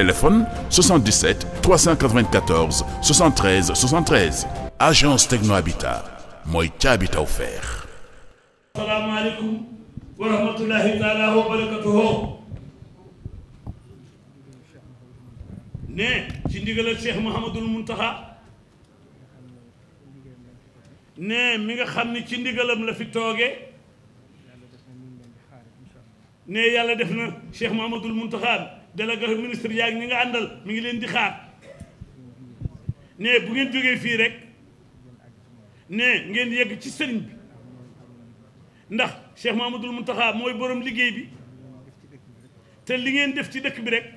téléphone 77 394 73 73 agence Techno Habitat mooy ca Habitat offert. asalaamaaleykum wa rahmatulahi taala wa barakatuhu ne ci ndigalal Cheikh Mouhamadul Muntaha ne mi nga xam ni ci la fi tooge ne yàlla def na Cheikh Mouhamadul Muntaha délégation ministre yaa ngi ñi nga àndal mu ngi leen di xaar ne bu ngeen jógee fii rek ne ngeen yegg ci sëriñ bi ndax Cheikh Mamadou Mountakha mooy borom liggéey bi te li ngeen def ci dëkk bi rek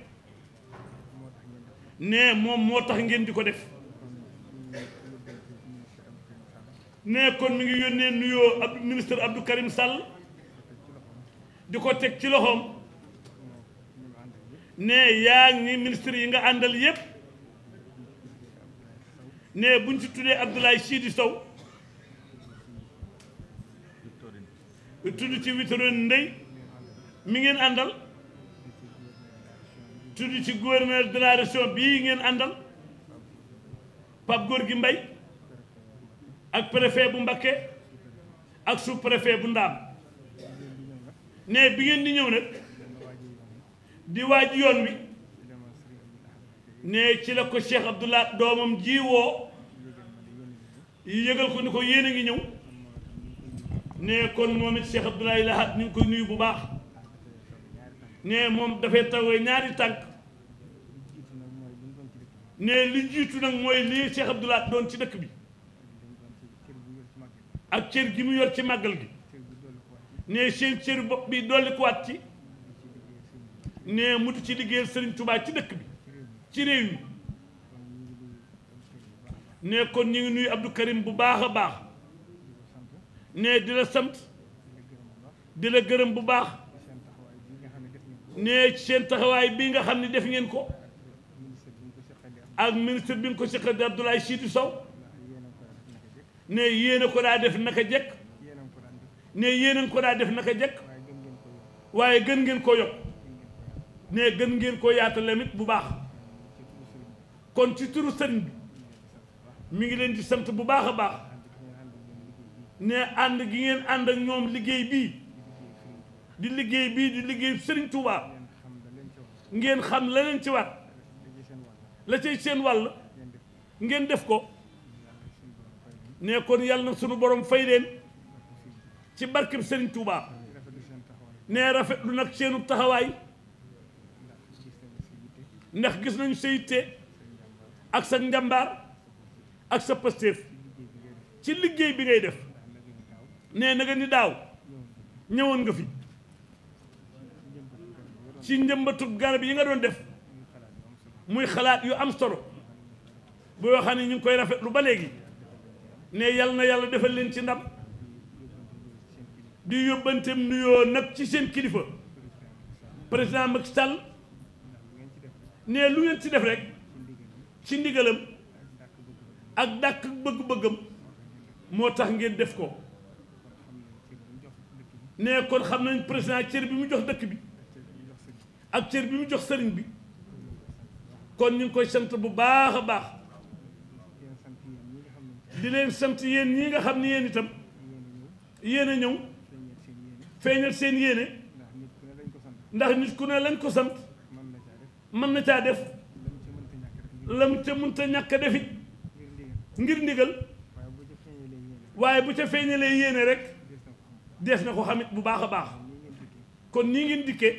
ne moom moo tax ngeen di ko def ne kon mu ngi yónnee nuyoo ab ministre Abdou Karim Sall di ko teg ci loxoom. ne yaa ngi ministre yi nga àndal yépp ne buñ ci tuddee Abdoulaye Sidi Sow tudd ci Victorine Ndeye mi ngeen àndal tudd ci gouverneur de la bii ngeen àndal góor gi mbay ak préfet bu Mbacké ak sous préfet bu Ndaam ne bi ngeen di ñëw nag di waaj yoon wi ne ci la ko Cheikh Abdoulaye doomam ji woo yëgal ko ni ko yéen a ngi ñëw ne kon moom it Cheikh Abdoulaye Lahat ni ngi koy nuyu bu baax ne moom dafay tawee ñaari tànk ne li jiitu nag mooy lii Cheikh Abdoulaye doon ci dëkk bi ak cër gi mu yor ci màggal gi ne seen cër bopp bi dolli ko waat ci ne mu di ci liggéeyal Serigne Touba ci dëkk bi ci réew mi ne kon ñu ngi nuyu Abdou Karim bu baax a baax ne di la sant di gërëm bu baax ne ci seen taxawaay bii nga xam ne def ngeen ko ak ministre bi nga ko seqal di Abdoulaye Sidou saw ne yéen ko daa def naka jekk ne yéen a ko daa def naka jekk waaye gën ngeen ko yokk ne gën ngeen ko yaatal tamit bu baax kon ci turu sëriñ bi mi ngi leen di sant bu baax a baax ne ànd gi ngeen ànd ak ñoom liggéey bii di liggéey bii di liggéey sëriñ Touba ngeen xam la leen ci war la cay seen wàll ngeen def ko ne kon yàlla na sunu borom fay leen ci barkeb sëriñ Touba ne rafetlu nag seenu taxawaay ndax gis nañu sa yitte ak sa njàmbaar ak sa pastéef ci liggéey bi ngay def nee na ni daaw ñëwoon nga fi ci njëmbatu garab yi nga doon def muy xalaat yu am solo boo xam ne ñu ngi koy rafetlu ba léegi ne yal na yàlla defal leen ci ndam di yóbbanteem nuyoo nag ci seen kilifa président Macky sàll ne lu ngeen ci def rek ci ndigalam ak dàkk bëgg-bëggam moo tax ngeen def ko ne kon xam nañ président cër bi mu jox dëkk bi ak cër bi mu jox sëriñ bi kon ñu koy sant bu baax a baax di leen sant yéen ñi nga xam ne yéen itam yéen a ñëw feeñal seen yéene ndax nit ku ne lañ ko sant mën na caa def lam ca mënta ñàkk defit ngir ndigal waaye bu ca feeñalee yéene rek dees na ko xamit bu baax a baax kon nii ngeen dikkee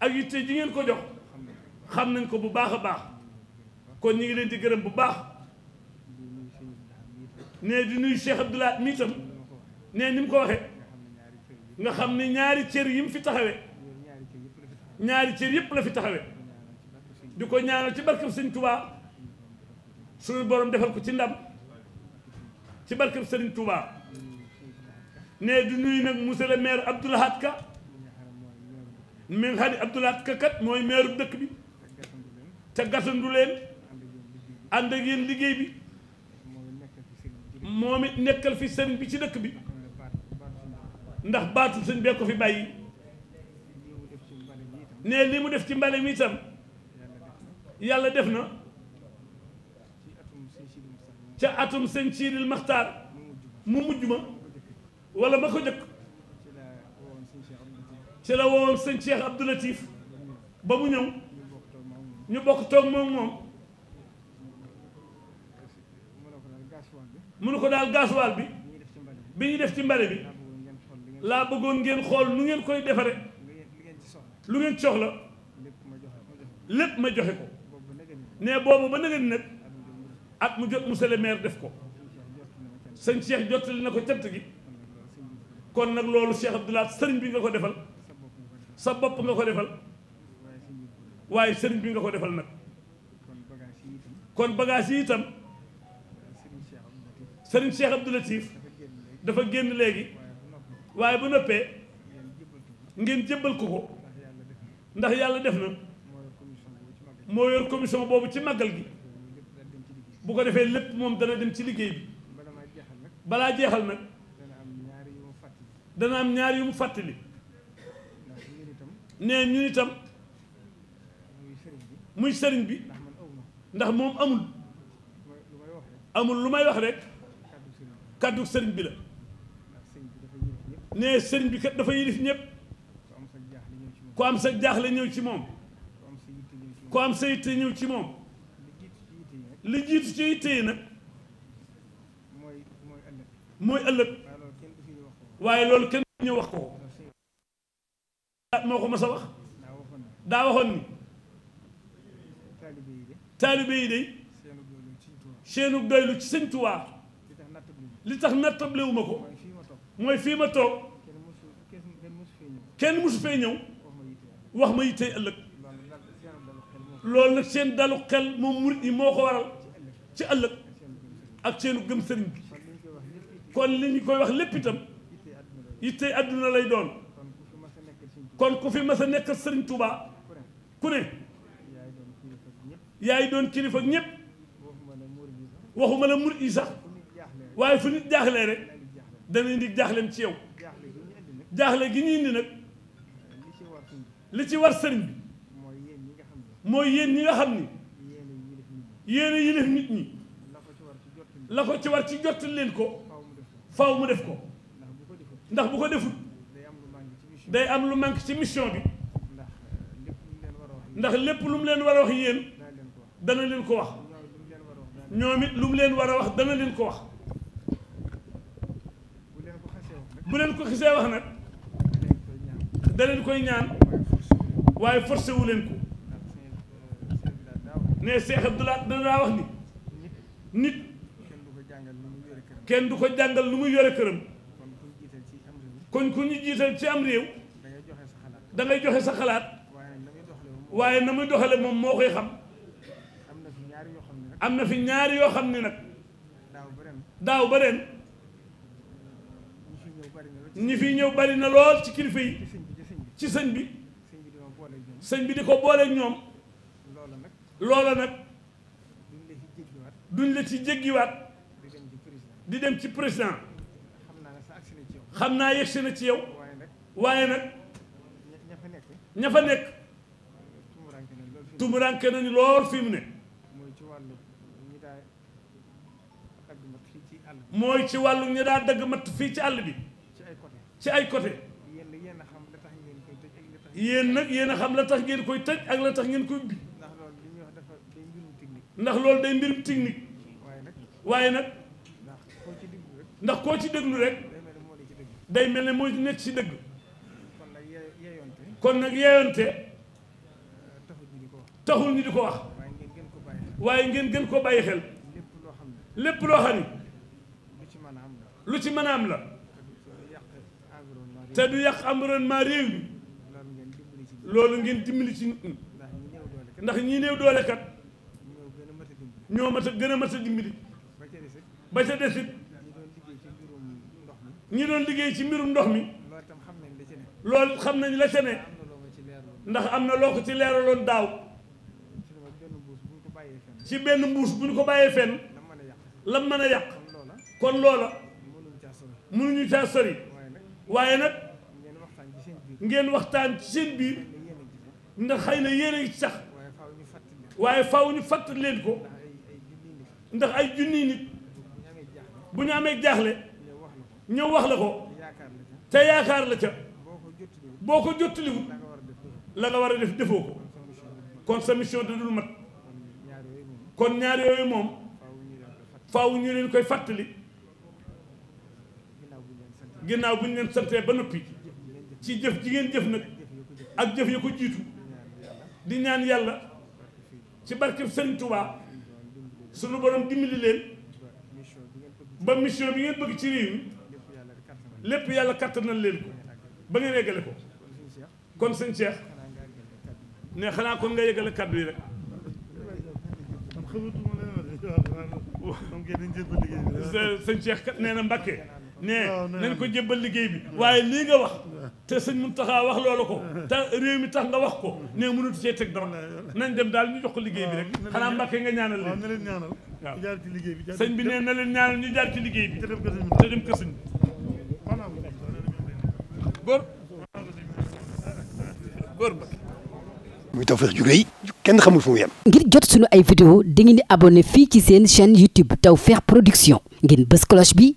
ak yitte ji ngeen ko jox xam nañ ko bu baax a baax kon ñi ngi leen di gërëm bu baax ne di nuyu Cheikh Abdoulaye mi itam ne ni mu ko waxee nga xam ne ñaari cër yi mu fi taxawee ñaari cër yëpp la fi taxawee di ko ñaanal ci barkeb sëñ Touba suñu borom defal ko ci ndam ci barkeb sëriñ Touba ne du nuyu nag monsieur le maire Abdoulahat Ka mi kat mooy maire dëkk bi te gasandu leen ànd ak yéen liggéey bi moom it nekkal fi sëriñ bi ci dëkk bi ndax baatu sëñ bee ko fi bàyyi ne li mu def ci mbale mi itam yàlla def na ca atum sëñ siidil maxtaar mu mujj ma wala ma ko jëkk ci la woowoon sëñ Cheikh Abdou Latif ba mu ñëw ñu bokk toog moom moom mënu ko daal gaasuwaal bi bi ñu def ci mbale bi laa bëggoon ngeen xool nu ngeen koy defare lu ngeen la lépp ma joxe ko ne boobu ba nëgën nag at mu jot monsieur le maire def ko sëñ Cheikh jottali na ko cant gi kon nag loolu Cheikh Abdoulaye sëriñ bi nga ko defal sa bopp nga ko defal waaye sëriñ bi nga ko defal nag kon bagage yi itam sëriñ Cheikh Abdou Latif dafa génn léegi waaye ba noppee ngeen jébbal ko ko ndax yàlla def na moo yor commission boobu ci màggal gi bu ko defee lépp moom dana dem ci liggéey bi balaa jeexal nag dana am ñaar yu mu fàttali nee ñun itam muy sëriñ bi ndax moom amul amul lu may wax rek kàddu sëriñ bi la nee sëriñ bi kat dafa yilif ñëpp ku am sa jaaxle ñëw ci moom ku am sa yitte ñëw ci moom li jiitu ci yitte yi nag mooy ëllëg waaye loolu kenn du ñëw wax ko ah moo ko mas a wax daa waxoon ni taalibe yi day seenu ci sëñ Tuubaa li tax nattablewuma ko mooy ma toog kenn mosu fee ñëw wax ma yitte ëllëg loolu nag seen dalu xel moom murit moo ko waral ci ëllëg ak seenu gëm sëriñ bi kon li ñu koy wax lépp itam ittey àdduna lay doon kon ku fi mas a nekk sëriñ Touba ku ne yaay doon kilifa ak ñëpp waxuma la murit yi sax waaye fu nit jaaxle rek dana indi jaaxleem ci yow jaaxle gi ñu indi nag li ci war sëriñ bi mooy yéen ñi nga xam ni yéen a yilif nit ñi la ko ci war ci jot leen ko faaw mu def ko ndax bu ko deful day am lu man manque ci mission bi ndax lépp lu mu leen war a wax yéen dana leen ko wax ñoom it lu mu leen war a wax dana leen ko wax bu leen ko xisee wax nag da leen koy ñaan waaye forcé wu leen ko ne Cheikh Abdoulaye danaa wax ni nit kenn du ko jàngal lu muy yore këram kon ku ñu jiital ci am réew da ngay joxe sa xalaat waaye na muy doxale moom moo koy xam am na fi ñaari yoo xam ne nag daaw ba ren ñi fi ñëw bari na lool ci kilifa yi ci sëñ bi sëñ bi di ko booleeg ñoom loola nag duñ la ci jéggiwaat di dem ci président xam naa yegsi na ci yow waaye nag ña fa nekk tumuranke nañu lool fi mu ne mooy ci wàllu ñi daa dagg matt fii ci àll bi ci ay côté yéen nag yéen a xam la tax ngeen koy tëj ak la tax ngeen koy ubbi ndax loolu day mbirum technique waaye nag ndax koo ci déglu rek day mel ne moo nekk ci dëgg kon nag yeeyonte taxul ñu di ko wax waaye ngeen gën ko bàyyi xel lépp loo xam ne lu ci mën a am la te du yàq environnement réew mi loolu ngeen dimbali ci nit ñi ndax ñi néew doole kat. ñoo mat a gën a mat a dimbali ba ca desit ñi doon liggéey ci mbirum ndox mi loolu xam nañ la ca ne ndax am na loo ko ci leeraloon daaw ci benn mbuus bu ñu ko bàyyee fenn lam mën a yàq kon loola mënuñu caa sori waaye nag ngeen waxtaan ci seen biir ndax xay na yéen a sax waaye faw ñu fàttali leen ko ndax ay junniy nit bu ñu amee jaaxle ñëw wax la ko te yaakaar la ca boo ko jottaliwul la nga war a def defoo ko kon sa mission da dul mat kon ñaar yooyu moom faaw ñu leen koy fàttali ginnaaw bu ñu leen santee ba noppi ci jëf ji ngeen jëf nag ak jëf ya ko jiitu di ñaan yàlla ci barkeb Sëriñ Tuubaa suñu borom dimbali leen ba mission bi ngeen bëgg ci réew mi lépp yàlla kattanal leen ko ba ngeen yeggale ko kon sëñ Cheikh ne xanaa kon nga yeggale kàddu yi rek sëñ Cheikh kat nee na Mbàkke ne nañ ko jébbal liggéey bi waaye lii nga te sëñ Muntaxa wax loolu ko ah. te mi tax nga wax ko ne mënut see teg dara ah. nañ dem daal ñu jox ko liggéey bi rek ah. xanaa Mbàkke nga ñaanal leen na leen ñaanal liggéey bi sëñ bi nee na leen ñaanal ñu jaar ci liggéey bi te dem kër sëñ muy Tawfekh ju kenn xamul fu mu ngir jot suñu ay vidéo dangeen di abonné fii ci seen chaîne YouTube Tawfekh Production ngeen bës cloche bi